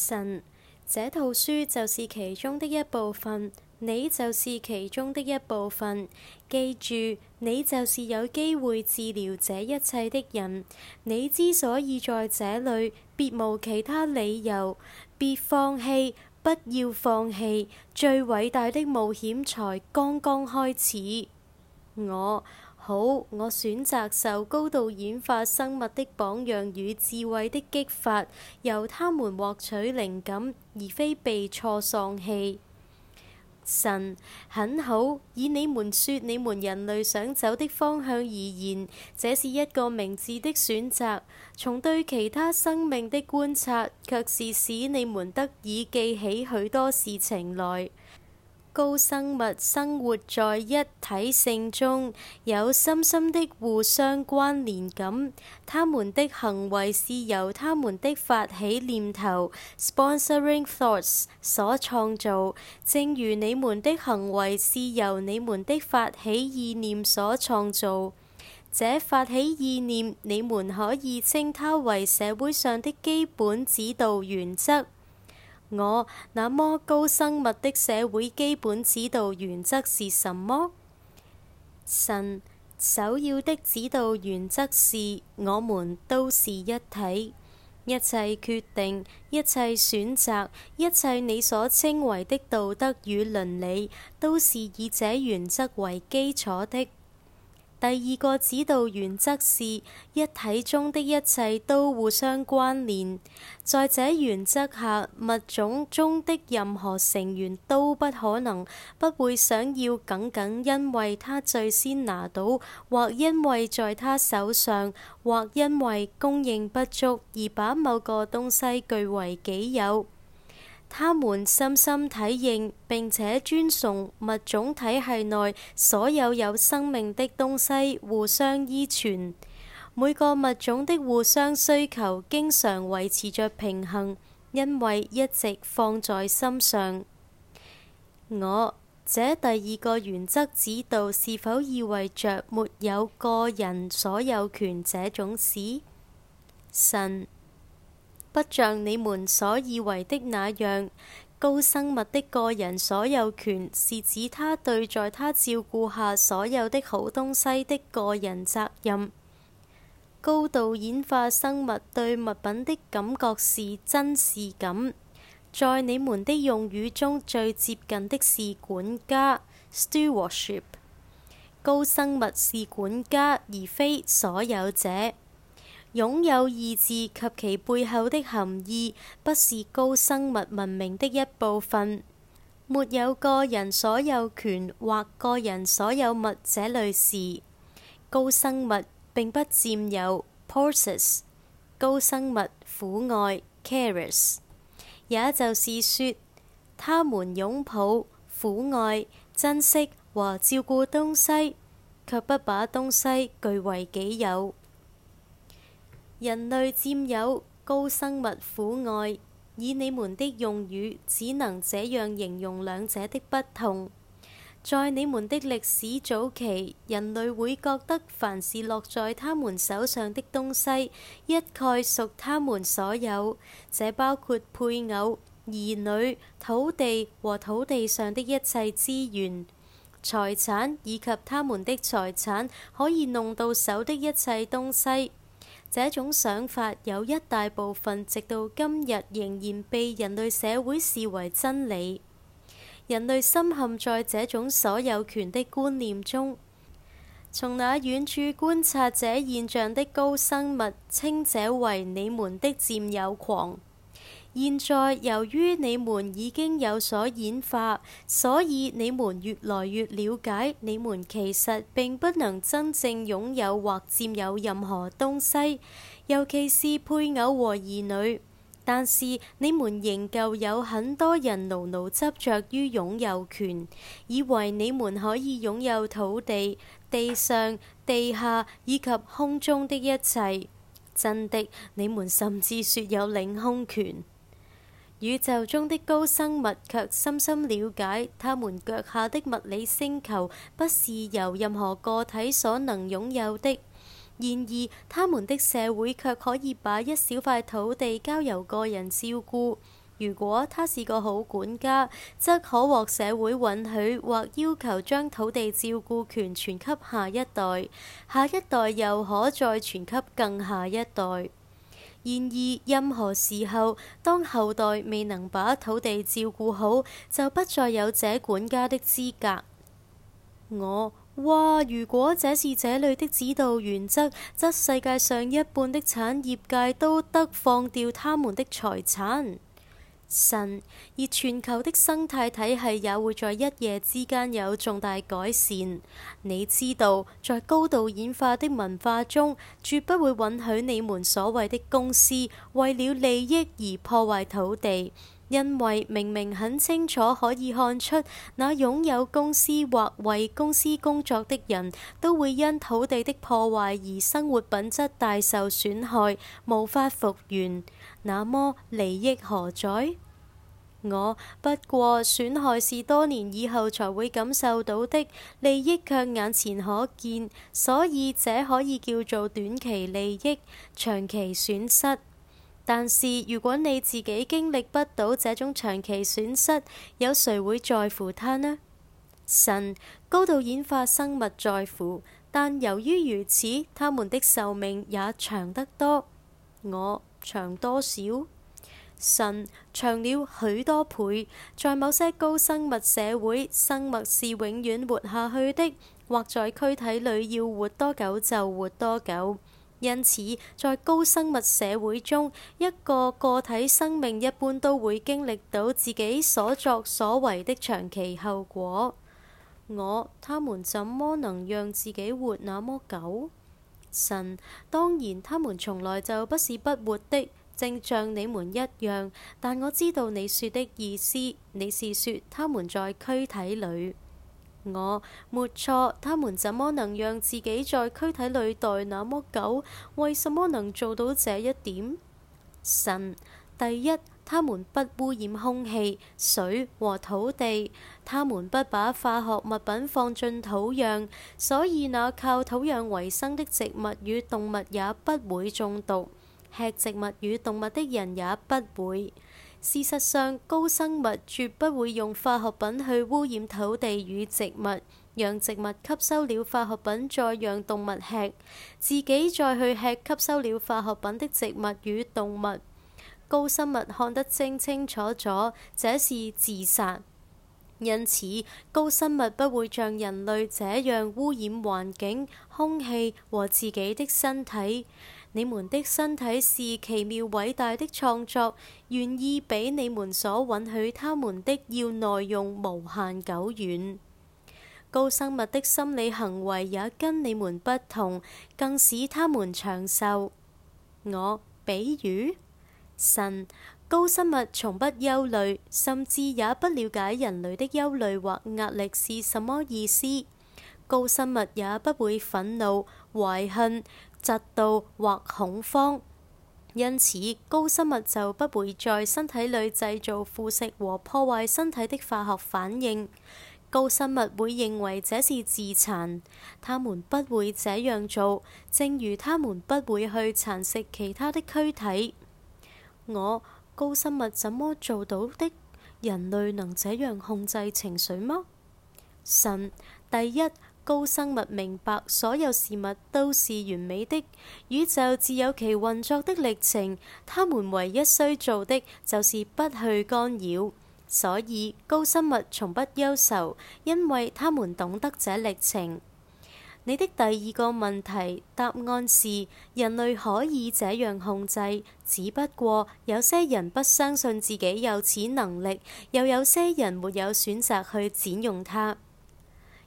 神，這套書就是其中的一部分，你就是其中的一部分。記住，你就是有機會治療這一切的人。你之所以在這裏，別無其他理由。別放棄，不要放棄。最偉大的冒險才剛剛開始。我。好，我選擇受高度演化生物的榜樣與智慧的激發，由他們獲取靈感，而非被錯喪氣。神，很好，以你們說你們人類想走的方向而言，這是一個明智的選擇。從對其他生命的觀察，卻是使你們得以記起許多事情來。高生物生活在一體性中，有深深的互相關聯感。他們的行為是由他們的發起念頭 s p o n s o r i n g thoughts） 所創造，正如你們的行為是由你們的發起意念所創造。這發起意念，你們可以稱它為社會上的基本指導原則。我那麼高生物的社會基本指導原則是什麼？神首要的指導原則是我們都是一體，一切決定、一切選擇、一切你所稱為的道德與倫理，都是以這原則為基礎的。第二個指導原則是：一體中的一切都互相關聯，在這原則下，物種中的任何成員都不可能、不會想要僅僅因為他最先拿到，或因為在他手上，或因為供應不足，而把某個東西據為己有。他們深深體認並且尊崇物種體系內所有有生命的東西互相依存，每個物種的互相需求經常維持著平衡，因為一直放在心上。我，這第二個原則指導是否意味着沒有個人所有權這種事？神。不像你們所以為的那樣，高生物的個人所有權是指他對在他照顧下所有的好東西的個人責任。高度演化生物對物品的感覺是真視感，在你們的用語中最接近的是管家 （stewardship）。高生物是管家而非所有者。擁有意志及其背後的含義，不是高生物文明的一部分。沒有個人所有權或個人所有物這類事。高生物並不佔有。possess。高生物撫愛。cares。也就是說，他們擁抱、撫愛、珍惜和照顧東西，卻不把東西據為己有。人類佔有高生物苦愛，以你們的用語，只能這樣形容兩者的不同。在你們的歷史早期，人類會覺得凡是落在他們手上的東西，一概屬他們所有。這包括配偶、兒女、土地和土地上的一切資源、財產以及他們的財產可以弄到手的一切東西。這種想法有一大部分直到今日仍然被人類社會視為真理。人類深陷在這種所有權的觀念中，從那遠處觀察者現象的高生物稱這為你們的佔有狂。現在，由於你們已經有所演化，所以你們越來越了解，你們其實並不能真正擁有或佔有任何東西，尤其是配偶和兒女。但是你們仍舊有很多人牢牢執着於擁有權，以為你們可以擁有土地、地上、地下以及空中的一切。真的，你們甚至說有領空權。宇宙中的高生物卻深深了解，他們腳下的物理星球不是由任何個體所能擁有的。然而，他們的社會卻可以把一小塊土地交由個人照顧。如果他是個好管家，則可獲社會允許或要求將土地照顧權傳給下一代，下一代又可再傳給更下一代。然而，任何時候，當後代未能把土地照顧好，就不再有這管家的資格。我話！如果這是這裏的指導原則，則世界上一半的產業界都得放掉他們的財產。神，而全球的生態體系也會在一夜之間有重大改善。你知道，在高度演化的文化中，絕不會允許你們所謂的公司為了利益而破壞土地，因為明明很清楚可以看出，那擁有公司或為公司工作的人都會因土地的破壞而生活品質大受損害，無法復原。那麼利益何在？我不過損害是多年以後才會感受到的，利益卻眼前可見，所以這可以叫做短期利益，長期損失。但是如果你自己經歷不到這種長期損失，有誰會在乎他呢？神，高度演化生物在乎，但由於如此，他們的壽命也長得多。我。長多少？神長了許多倍。在某些高生物社會，生物是永遠活下去的，或在軀體裏要活多久就活多久。因此，在高生物社會中，一個個體生命一般都會經歷到自己所作所為的長期後果。我，他們怎麼能讓自己活那麼久？神，當然，他們從來就不是不活的，正像你們一樣。但我知道你說的意思，你是說他們在軀體裏？我，沒錯，他們怎麼能讓自己在軀體裏待那麼久？為什麼能做到這一點？神，第一。他們不污染空氣、水和土地。他們不把化學物品放進土壤，所以那靠土壤為生的植物與動物也不會中毒。吃植物與動物的人也不會。事實上，高生物絕不會用化學品去污染土地與植物，讓植物吸收了化學品，再讓動物吃，自己再去吃吸收了化學品的植物與動物。高生物看得清清楚楚，這是自殺。因此，高生物不會像人類這樣污染環境、空氣和自己的身體。你們的身體是奇妙偉大的創作，願意比你們所允許他們的，要耐用無限久遠。高生物的心理行為也跟你們不同，更使他們長壽。我比喻？神，高生物從不憂慮，甚至也不了解人類的憂慮或壓力是什麼意思。高生物也不會憤怒、懷恨、嫉妒或恐慌，因此高生物就不會在身體裏製造腐蝕和破壞身體的化學反應。高生物會認為這是自殘，他們不會這樣做，正如他們不會去蠶食其他的軀體。我高生物怎麼做到的？人類能這樣控制情緒嗎？神，第一高生物明白所有事物都是完美的，宇宙自有其運作的歷程，他們唯一需做的就是不去干擾，所以高生物從不憂愁，因為他們懂得這歷程。你的第二個問題答案是：人類可以這樣控制，只不過有些人不相信自己有此能力，又有些人沒有選擇去展用它。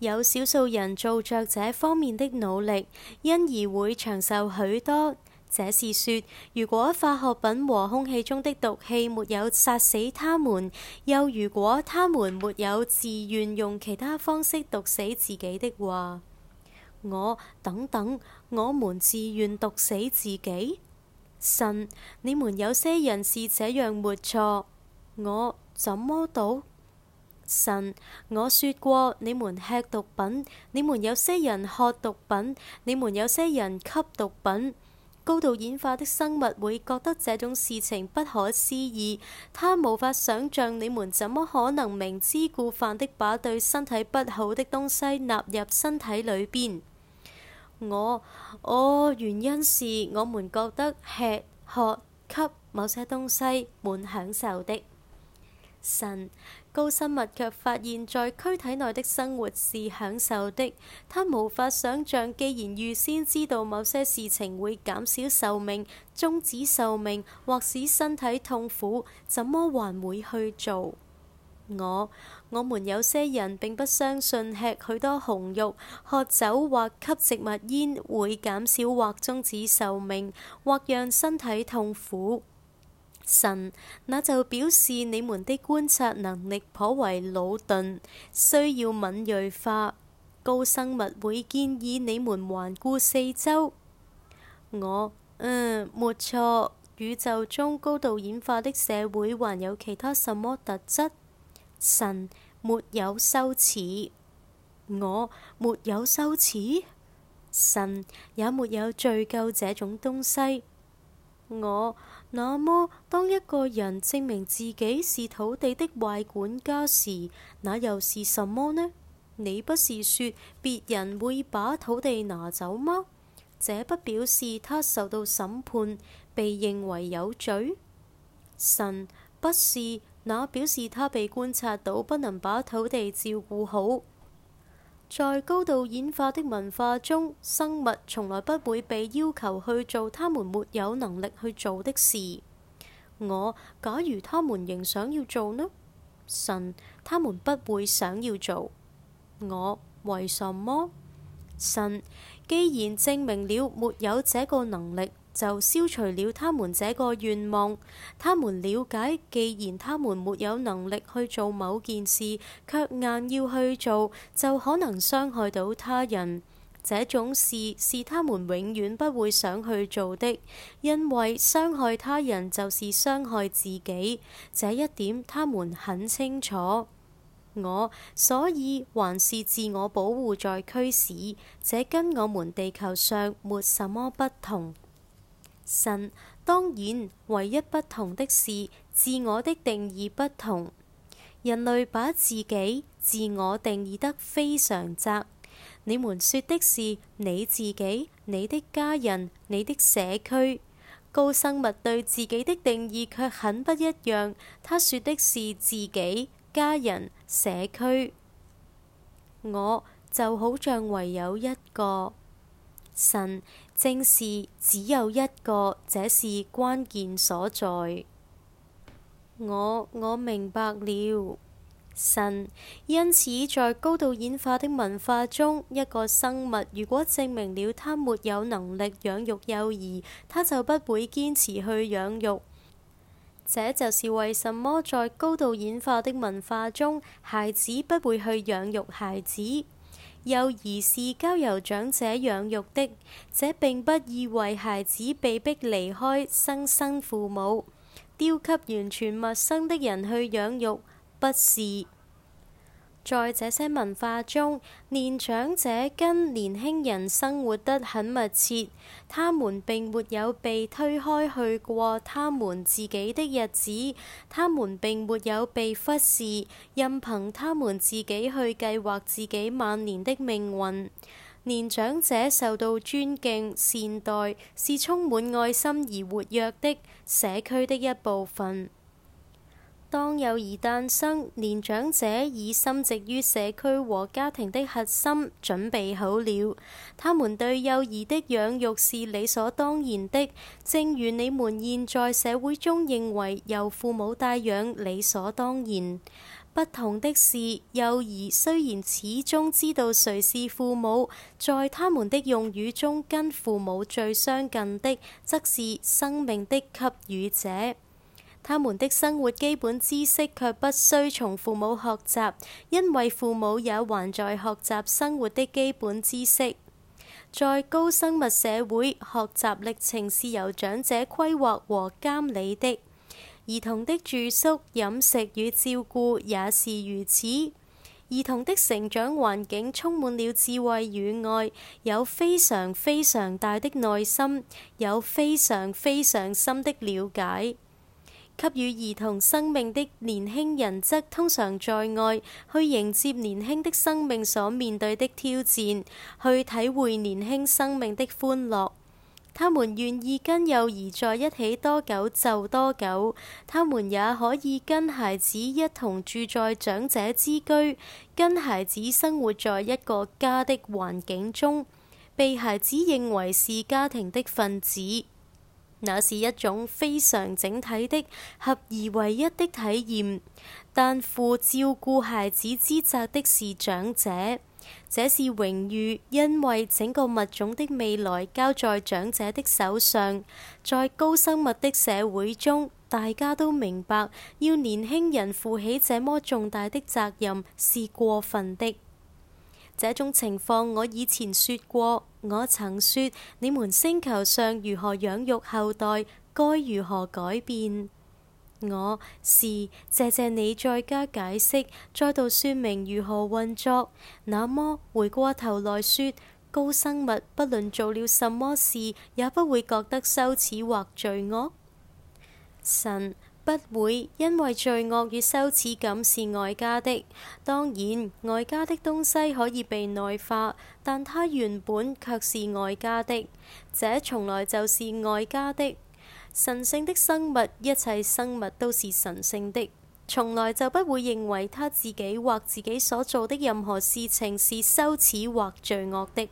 有少數人做着這方面的努力，因而會長壽許多。這是說，如果化學品和空氣中的毒氣沒有殺死他們，又如果他們沒有自願用其他方式毒死自己的話。我等等，我們自願毒死自己？神，你們有些人是這樣，沒錯。我怎麼賭？神，我說過你們吃毒品，你們有些人喝毒品，你們有些人吸毒品。高度演化的生物會覺得這種事情不可思議，他無法想象你們怎麼可能明知故犯的把對身體不好的東西納入身體裡邊。我，哦，原因是我們覺得吃、喝、吸某些東西滿享受的。神，高生物卻發現，在軀體內的生活是享受的。他無法想象，既然預先知道某些事情會減少壽命、終止壽命或使身體痛苦，怎麼還會去做？我。我們有些人並不相信吃許多紅肉、喝酒或吸植物煙會減少或終止壽命，或讓身體痛苦。神，那就表示你們的觀察能力頗為魯鈍，需要敏銳化。高生物會建議你們環顧四周。我，嗯，沒錯。宇宙中高度演化的社會還有其他什麼特質？神。沒有羞恥，我沒有羞恥，神也沒有罪疚這種東西。我那麼，當一個人證明自己是土地的壞管家時，那又是什麼呢？你不是說別人會把土地拿走嗎？這不表示他受到審判，被認為有罪？神不是？那表示他被觀察到不能把土地照顧好。在高度演化的文化中，生物從來不會被要求去做他們沒有能力去做的事。我，假如他們仍想要做呢？神，他們不會想要做。我，為什麼？神，既然證明了沒有這個能力。就消除了他們這個願望。他們了解，既然他們沒有能力去做某件事，卻硬要去做，就可能傷害到他人。這種事是他們永遠不會想去做的，因為傷害他人就是傷害自己。這一點他們很清楚。我，所以還是自我保護在驅使，這跟我們地球上沒什麼不同。神，當然，唯一不同的是自我的定義不同。人類把自己自我定義得非常窄，你們說的是你自己、你的家人、你的社區。高生物對自己的定義卻很不一樣，他說的是自己、家人、社區。我就好像唯有一個神。正是只有一個，這是關鍵所在。我我明白了，神。因此，在高度演化的文化中，一個生物如果證明了他沒有能力養育幼兒，他就不會堅持去養育。這就是為什麼在高度演化的文化中，孩子不會去養育孩子。幼兒是交由長者養育的，這並不意味孩子被迫離開生身父母，丟給完全陌生的人去養育，不是。在這些文化中，年長者跟年輕人生活得很密切，他們並沒有被推開去過他們自己的日子，他們並沒有被忽視，任憑他們自己去計劃自己晚年的命運。年長者受到尊敬善待，是充滿愛心而活躍的社區的一部分。當幼兒誕生，年長者已深植於社區和家庭的核心，準備好了。他們對幼兒的養育是理所當然的，正如你們現在社會中認為由父母帶養理所當然。不同的是，幼兒雖然始終知道誰是父母，在他們的用語中，跟父母最相近的，則是生命的給予者。他們的生活基本知識卻不需從父母學習，因為父母也還在學習生活的基本知識。在高生物社會，學習歷程是由長者規劃和監理的。兒童的住宿、飲食與照顧也是如此。兒童的成長環境充滿了智慧與愛，有非常非常大的耐心，有非常非常深的了解。給予兒童生命的年輕人則通常在外去迎接年輕的生命所面對的挑戰，去體會年輕生命的歡樂。他們願意跟幼兒在一起多久就多久。他們也可以跟孩子一同住在長者之居，跟孩子生活在一個家的環境中，被孩子認為是家庭的分子。那是一種非常整體的合而為一的體驗，但負照顧孩子之責的是長者，這是榮譽，因為整個物種的未來交在長者的手上。在高生物的社會中，大家都明白，要年輕人負起這麼重大的責任是過分的。這種情況我以前說過，我曾說你們星球上如何養育後代，該如何改變。我是謝謝你再加解釋，再度說明如何運作。那麼回過頭來說，高生物不論做了什麼事，也不會覺得羞恥或罪惡？神。不會，因為罪惡與羞恥感是外加的，當然外加的東西可以被內化，但它原本卻是外加的。這從來就是外加的。神聖的生物，一切生物都是神聖的，從來就不會認為他自己或自己所做的任何事情是羞恥或罪惡的，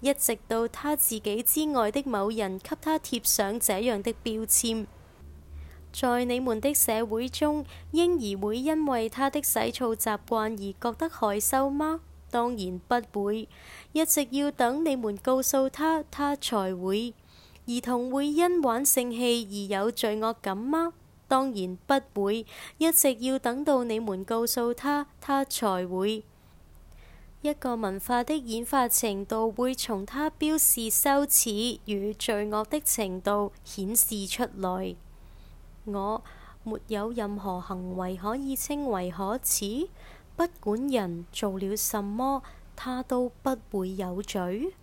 一直到他自己之外的某人給他貼上這樣的標籤。在你們的社會中，嬰兒會因為他的洗澡習慣而覺得害羞嗎？當然不會，一直要等你們告訴他，他才會。兒童會因玩性器而有罪惡感嗎？當然不會，一直要等到你們告訴他，他才會。一個文化的演化程度會從他標示羞恥與罪惡的程度顯示出來。我沒有任何行為可以稱為可恥，不管人做了什麼，他都不會有罪。